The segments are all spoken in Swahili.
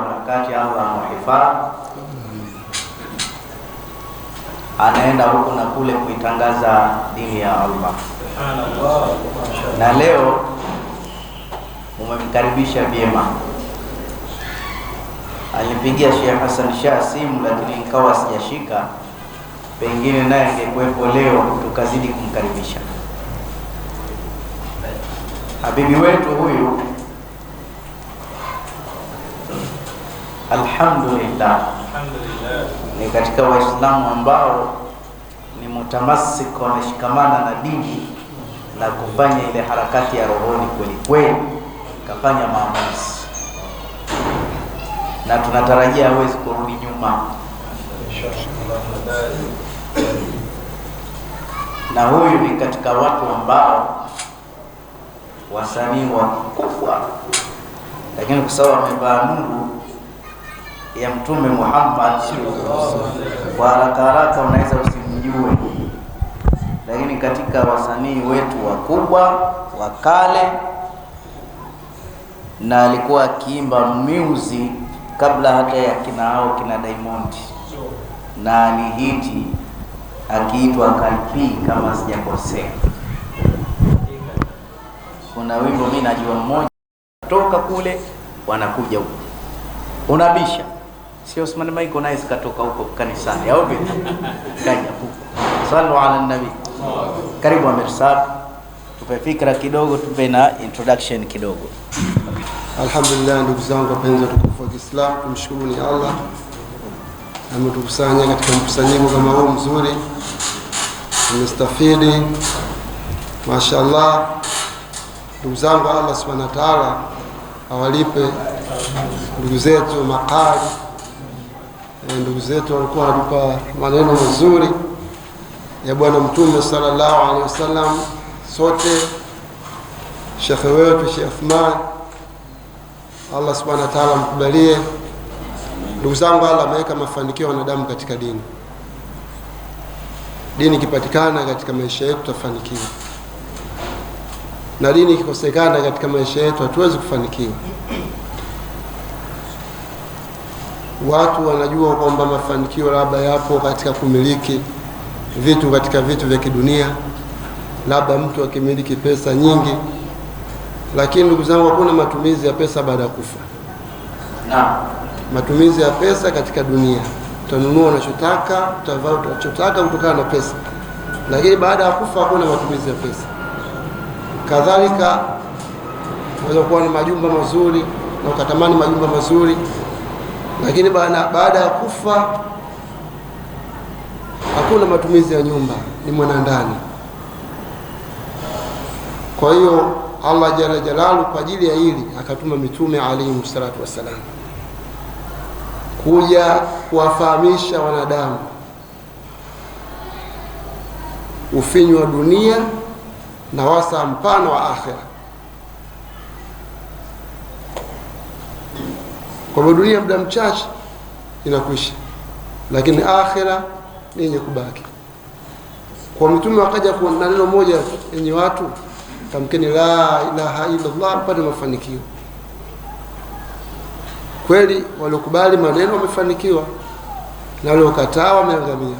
Harakati Allah hifara anaenda huku na kule kuitangaza dini ya Allah. Na leo umemkaribisha vyema. Alimpigia Sheikh Hassan Shah simu, lakini nikawa sijashika, pengine naye angekuwepo leo tukazidi kumkaribisha habibi wetu huyu Alhamdulillah, ni katika Waislamu ambao ni mutamasik wameshikamana na dini na kufanya ile harakati ya rohoni kweli kweli, kafanya maamuzi na tunatarajia hawezi kurudi nyuma, na huyu ni katika watu ambao wasanii wakubwa, lakini kwa sababu amevaa nuru ya Mtume Muhammad kwa haraka haraka unaweza usimjue, lakini katika wasanii wetu wakubwa wa kale, na alikuwa akiimba music kabla hata ya kina hao kina Diamond na alihiti akiitwa Kalpi kama sijakosea. Kuna wimbo mimi najua mmoja toka kule wanakuja huko unabisha si Osman Maiko naye zikatoka huko kanisani au vipi? Kaja huko, sallu ala nabi. Karibu Amir Saab, tupe fikra kidogo, tupe na introduction kidogo. Alhamdulillah, ndugu zangu wapenzi watukufu wa Kiislamu, tumshukuru ni Allah ametukusanya katika mkusanyiko kama huu mzuri, tumestafidi mashaallah. Ndugu zangu, Allah subhanahu wa ta'ala awalipe ndugu zetu makali ndugu zetu walikuwa wanatupa maneno mazuri ya Bwana Mtume sallallahu alaihi wasallam, sote shekhe wetu Sheikh Uthman, Allah subhanahu wa ta'ala amkubalie. Ndugu zangu, Allah ameweka mafanikio ya wanadamu katika dini. Dini ikipatikana katika maisha yetu tutafanikiwa, na dini ikikosekana katika maisha yetu hatuwezi kufanikiwa watu wanajua kwamba mafanikio labda yapo katika kumiliki vitu katika vitu vya kidunia, labda mtu akimiliki pesa nyingi, lakini ndugu zangu, hakuna matumizi ya pesa baada ya kufa. Na matumizi ya pesa katika dunia, utanunua unachotaka, utavaa unachotaka kutokana na pesa, lakini baada ya kufa hakuna matumizi ya pesa. Kadhalika unaweza kuwa na majumba mazuri na ukatamani majumba mazuri lakini baada ya kufa hakuna matumizi ya nyumba, ni mwanandani. Kwa hiyo Allah jalla jalalu kwa ajili ya hili akatuma mitume alayhi salatu wassalam kuja kuwafahamisha wanadamu ufinyu wa dunia na wasa mpana wa akhera. Kwa dunia muda mchache inakwisha, lakini akhira ni yenye kubaki. Kwa mtume wakaja na neno moja yenye watu tamkeni la ilaha illallah mpate mafanikio. Kweli waliokubali maneno wamefanikiwa na waliokataa wameangamia.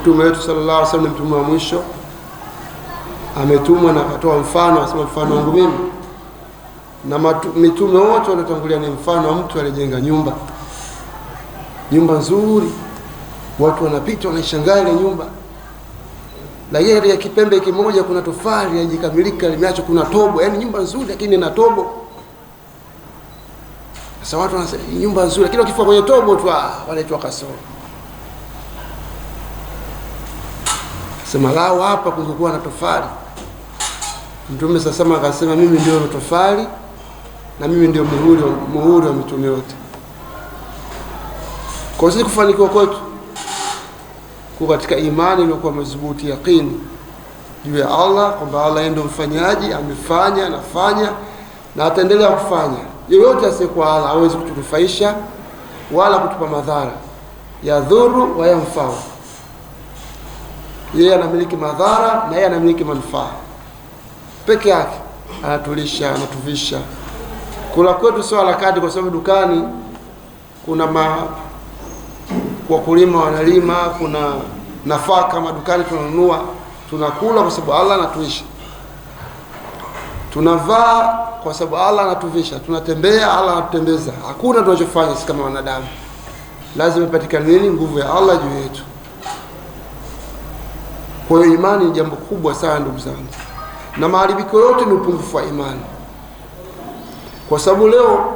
Mtume wetu sallallahu alaihi ni mtume wa mwisho, ametumwa na akatoa mfano, asema mfano wangu mimi na matu, mitume wote waliotangulia ni mfano wa mtu alijenga nyumba nyumba nzuri, watu wanapita wanaishangaa ile nyumba, lakini ya kipembe kimoja kuna tofali haijakamilika limeacha, kuna tobo. Yani nyumba nzuri, lakini ina tobo. Sasa watu wanasema nyumba nzuri, lakini wakifa kwenye tobo tu ah, wanaitwa kasoro. Sema lao hapa kungekuwa na tofali. Mtume sasa akasema, mimi ndio tofali na mimi ndio muhuri muhuri wa mitume wote. Kwa sisi kufanikiwa kwetu ku katika imani iliyokuwa madhubuti, yaqini juu ya Allah kwamba Allah ndio mfanyaji, amefanya, anafanya na ataendelea kufanya. Yeyote asiyekuwa Allah hawezi kutunufaisha wala kutupa madhara, dhuru wa yanfau. Yeye anamiliki madhara na yeye anamiliki manufaa peke yake, anatulisha, anatuvisha Kula kwetu sio harakati, kwa sababu dukani kuna ma wakulima wanalima, kuna nafaka madukani tunanunua, tunakula kwa sababu Allah anatuisha, tunavaa kwa sababu Allah anatuvisha, tunatembea Allah anatutembeza. Hakuna tunachofanya sisi kama wanadamu, lazima ipatikane nini? Nguvu ya Allah juu yetu. Kwa hiyo imani ni jambo kubwa sana, ndugu zangu, na maharibiko yote ni upungufu wa imani kwa sababu leo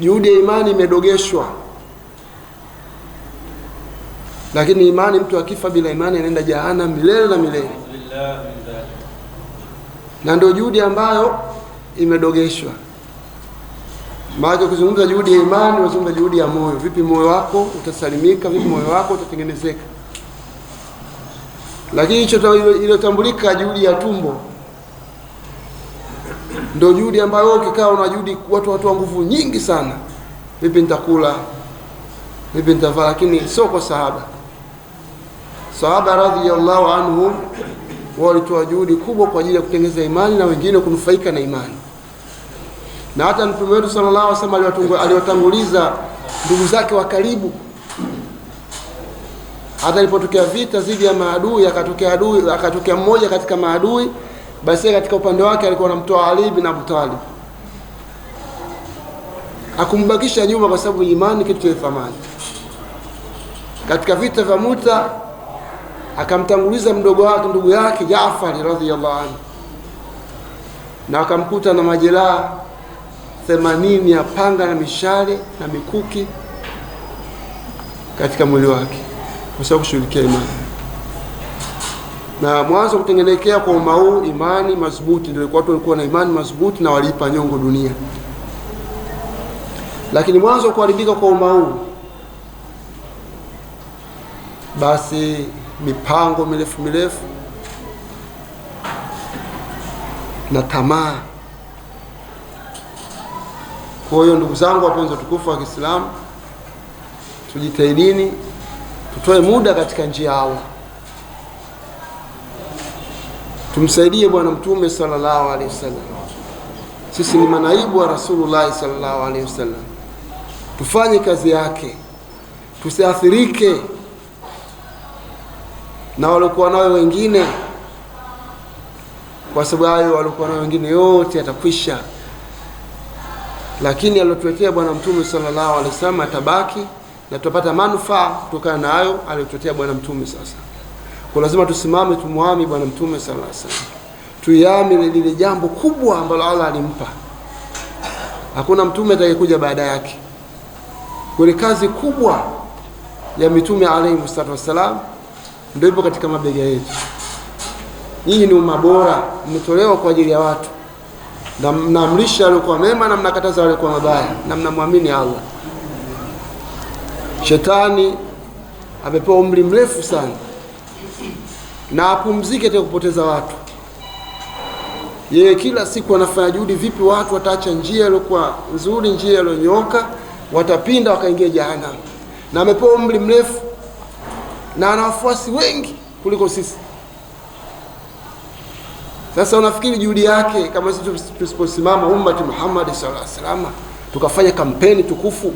juhudi ya imani imedogeshwa lakini imani mtu akifa bila imani anaenda jahana milele na milele na ndio juhudi ambayo imedogeshwa maake ukizungumza juhudi ya imani unazungumza juhudi ya moyo vipi moyo wako utasalimika vipi moyo wako utatengenezeka lakini hicho iliyotambulika juhudi ya tumbo ndio juhudi ambayo ukikaa una juhudi, watu watoa nguvu nyingi sana, vipi nitakula, vipi nitavaa, lakini sio kwa sahaba. Sahaba radhiallahu anhum walitoa juhudi kubwa kwa ajili ya kutengeza imani na wengine kunufaika na imani, na hata mtume wetu sallallahu alaihi wasallam aliwatanguliza ndugu zake wa karibu. Hata ilipotokea vita dhidi ya maadui, akatokea adui, akatokea mmoja katika maadui basi katika upande wake alikuwa anamtoa Ali bin Abi Talib, akumbakisha nyuma, kwa sababu imani kitu cha thamani. Katika vita vya Muta akamtanguliza mdogo wake ndugu yake Jaafar radhiyallahu anhu, na akamkuta na majeraha themanini ya panga na mishale na mikuki katika mwili wake, kwa sababu kushughulikia imani na mwanzo kutengenekea kwa umma huu imani madhubuti, ndio watu walikuwa na imani madhubuti na waliipa nyongo dunia. Lakini mwanzo wa kuharibika kwa umma huu, basi mipango mirefu mirefu na tamaa. Kwa hiyo ndugu zangu wapenzi watukufu wa Kiislamu, tujitahidini tutoe muda katika njia Allah. Tumsaidie Bwana Mtume sallallahu alaihi wasallam, sisi ni manaibu wa Rasulullah sallallahu alaihi wasallam. Tufanye kazi yake, tusiathirike na waliokuwa nayo wengine, kwa sababu hayo waliokuwa nayo wengine yote yatakwisha, lakini aliyotuletea Bwana Mtume sallallahu alaihi wasallam atabaki na tutapata manufaa kutokana na hayo aliyotuletea Bwana Mtume sasa kwa lazima tusimame tumwami Bwana Mtume sallallahu alaihi wasallam, lile jambo kubwa ambalo Allah alimpa. Hakuna mtume atakayekuja baada yake. Kweli kazi kubwa ya mitume alaihi salatu wassalam ndio ipo katika mabega yetu. Nyinyi ni umma bora, mmetolewa kwa ajili ya watu, na mnaamrisha waliokuwa mema na mnakataza waliokuwa mabaya, na mnamwamini Allah. Shetani amepewa umri mrefu sana na apumzike tena kupoteza watu. Yeye kila siku anafanya juhudi, vipi watu wataacha njia iliyokuwa nzuri, njia iliyonyooka, watapinda wakaingia jahanamu. Na amepewa umri mrefu na ana wafuasi wengi kuliko sisi. Sasa unafikiri juhudi yake, kama sisi tusiposimama ummati Muhammad sallallahu alaihi wasallam tukafanya kampeni tukufu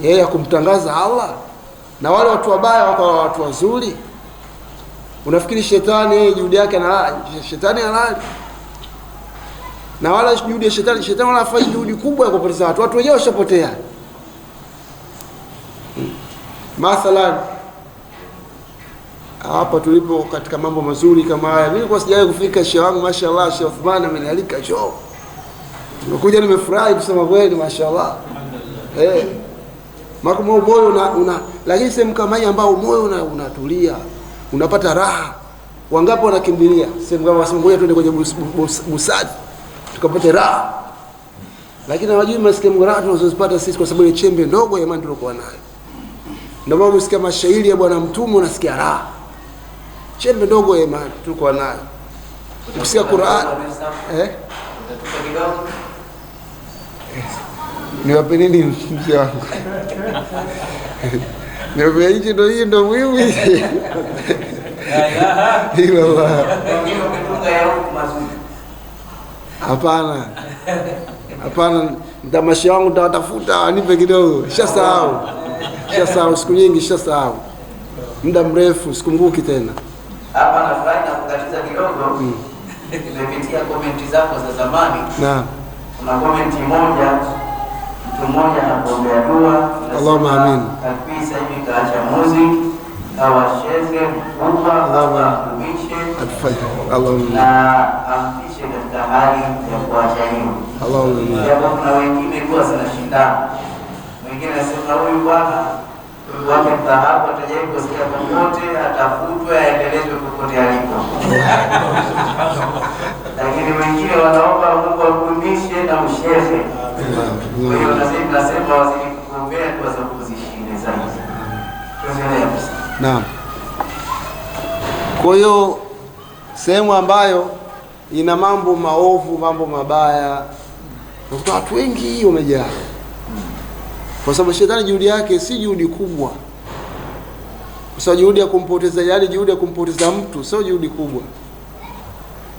yeye ya kumtangaza Allah na wale watu wabaya wakawa watu wazuri Unafikiri shetani yeye eh, juhudi yake analali? Shetani analali na wala juhudi ya shetani, shetani wala afanye juhudi kubwa ya kupoteza watu, watu wenyewe washapotea. Hmm. Mathalan hapa tulipo katika mambo mazuri kama haya, mimi kwa sijawahi kufika. Shehe wangu mashaallah, Shehe Uthman amenialika choo, nimekuja nimefurahi kusema kweli, mashaallah eh, hey. Makmo moyo una, una lakini sehemu kama hii ambao moyo unatulia una unapata raha. Wangapi wanakimbilia sehemu kama wasema ngoja tuende kwenye busadi tukapate raha, lakini hawajui maskini raha tunazozipata sisi, kwa sababu ile chembe ndogo ya imani tuliokuwa nayo. Ndio maana usikia mashairi ya Bwana Mtume unasikia raha, chembe ndogo ya imani tulikuwa nayo. Ukisikia Qur'an eh, eh. ni wapi nini mzee wangu Ndio nchi ndo hii ndio muhimu hii. la. Hapana. Hapana, mtamasha wangu nitawatafuta anipe kidogo. Shasahau. Shasahau siku nyingi shasahau. Muda mrefu sikumbuki tena. Hapa na nafurahi na kukatiza kidogo. Mm. Nimepitia komenti zako za zamani. Naam. Kuna komenti moja mtu mmoja anakuombea dua. Allahumma amin viongozi na washehe mkubwa awadumishe na ampishe katika hali ya kuwachaiwa, japo kuna wengine kuwa zinashindana, mwingine anasema huyu bwana wake mthahabu atajai kusikia popote, atafutwe aendelezwe popote alipo, lakini wengine wanaomba Mungu akudumishe na ushehe. Kwa hiyo nasema wazidi kuombea kwa sababu Naam. Kwa hiyo sehemu ambayo ina mambo maovu, mambo mabaya, nakuta watu wengi wamejaa, kwa sababu shetani juhudi yake si juhudi kubwa, kwa sababu juhudi ya kumpoteza, yani, juhudi ya kumpoteza mtu sio juhudi kubwa,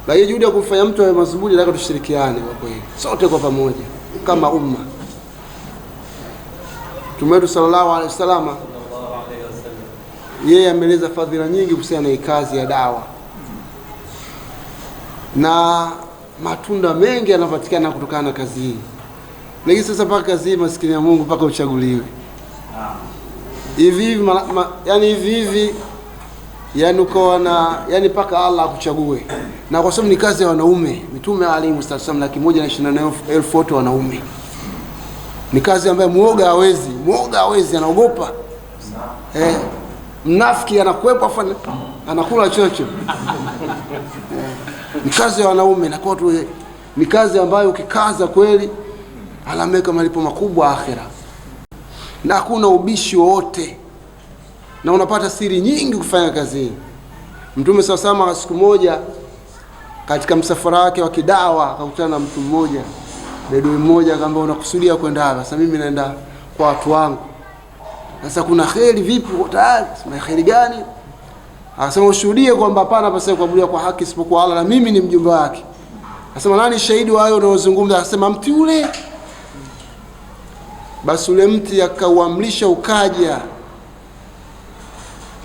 lakini juhudi ya kumfanya mtu awe mazuri, lazima tushirikiane kwa kweli, sote kwa pamoja kama umma. Mtume wetu sallallahu alaihi wasallam yeye ameeleza fadhila nyingi kuhusiana na kazi ya dawa na matunda mengi yanapatikana kutokana na kazi hii. Lakini sasa mpaka kazi hii, maskini ya Mungu, mpaka uchaguliwe hivi hivi yani hivi hivi yani ukawa na yani mpaka Allah akuchague, na kwa sababu ni kazi ya wanaume. Mitume alayhi wasallam laki moja na ishirini na nane elfu wote wanaume. Ni kazi ambayo muoga hawezi, muoga hawezi, anaogopa eh mnafiki anakuepo afanye anakula chocho eh, ni kazi ya wanaume nakuwa tu ni kazi ambayo ukikaza kweli alameka malipo makubwa akhira na hakuna ubishi wowote na unapata siri nyingi kufanya hii mtume saa siku moja katika msafara wake wa kidawa akakutana na mtu mmoja bedui mmoja akaambia unakusudia kwenda hapa sasa mimi naenda kwa watu wangu sasa kuna kheri vipi? Uko tayari? Sema kheri gani? Anasema ushuhudie kwamba hapana hapaswi kuabudiwa kwa haki isipokuwa Allah na mimi ni mjumbe wake. Anasema nani shahidi wa hayo unaozungumza? Anasema mti ule. Basi ule mti akauamlisha ukaja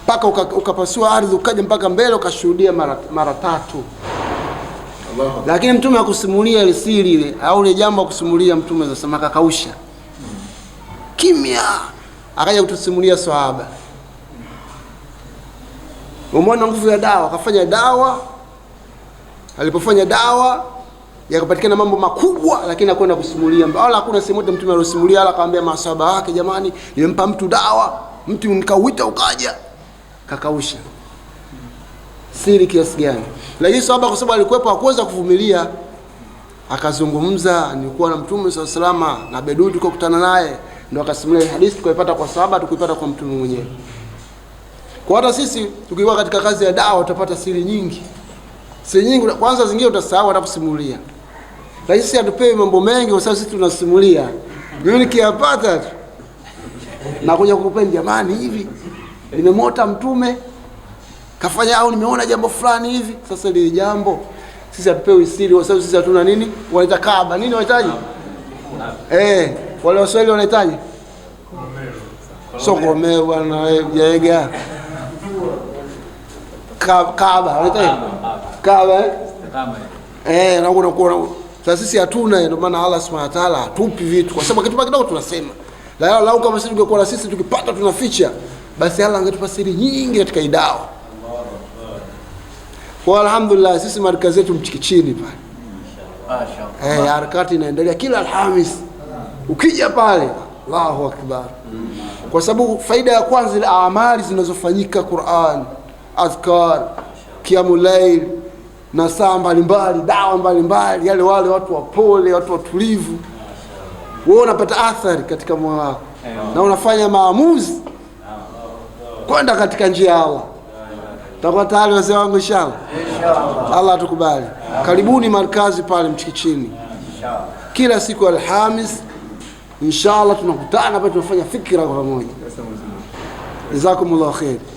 mpaka ukapasua uka ardhi ukaja mpaka mbele ukashuhudia mara, mara tatu. Allah. Lakini mtume akusimulia ile siri ile au ile jambo akusimulia mtume anasema kakausha kimya akaja kutusimulia swahaba. Umeona nguvu ya dawa, akafanya dawa. Alipofanya dawa yakapatikana mambo makubwa, lakini hakwenda kusimulia, wala hakuna sehemu yote mtume aliosimulia, ala akawambia maswahaba wake, jamani, nimempa mtu dawa, mtu nikauita ukaja, kakausha. Siri kiasi gani! Lakini swahaba kwa sababu alikuwepo, hakuweza kuvumilia, akazungumza. Nilikuwa na mtume sallallahu alaihi wasallam na Bedui, tukakutana naye ndio akasimulia hadithi, tukaipata kwa sahaba, tukuipata kwa mtume mwenyewe. Kwa hata sisi tukiwa katika kazi ya dawa utapata siri nyingi, siri nyingi. Kwanza zingine utasahau atakusimulia, lakini sisi hatupewi mambo mengi kwa sababu sisi tunasimulia. Mimi nikiyapata tu nakuja kukupeni, jamani, hivi nimemota mtume kafanya au nimeona jambo fulani hivi. Sasa lile jambo sisi hatupewi siri kwa sababu sisi hatuna nini, wanaita kaaba nini, wanahitaji eh wale Waswahili wanahitaji sokomeo bwana jega Kaaba wanahitaji Kaaba eh? eh, na unakuwa sasa sisi hatuna, ndio maana Allah Subhanahu wa Ta'ala hatupi vitu, kwa sababu kitu kidogo tunasema. La la kama sisi tungekuwa na sisi tukipata tunaficha, basi Allah angetupa siri nyingi katika idao. Kwa alhamdulillah sisi markazi yetu mchikichini pale. Eh, harakati inaendelea kila Alhamis ukija pale Allahu akbar, kwa sababu faida ya kwanza ile amali zinazofanyika Qur'an, azkar, kiamu lail na saa mbalimbali, dawa mbalimbali, yale wale watu wapole, watu watulivu, wewe unapata athari katika moyo wako na unafanya maamuzi kwenda katika njia ya Allah. Takuwa tayari wazee wangu, inshallah. Allah atukubali. Karibuni markazi pale Mchikichini, kila siku Alhamis إن شاء الله تنقطعنا بتنفجع فكرة جزاكم الله خير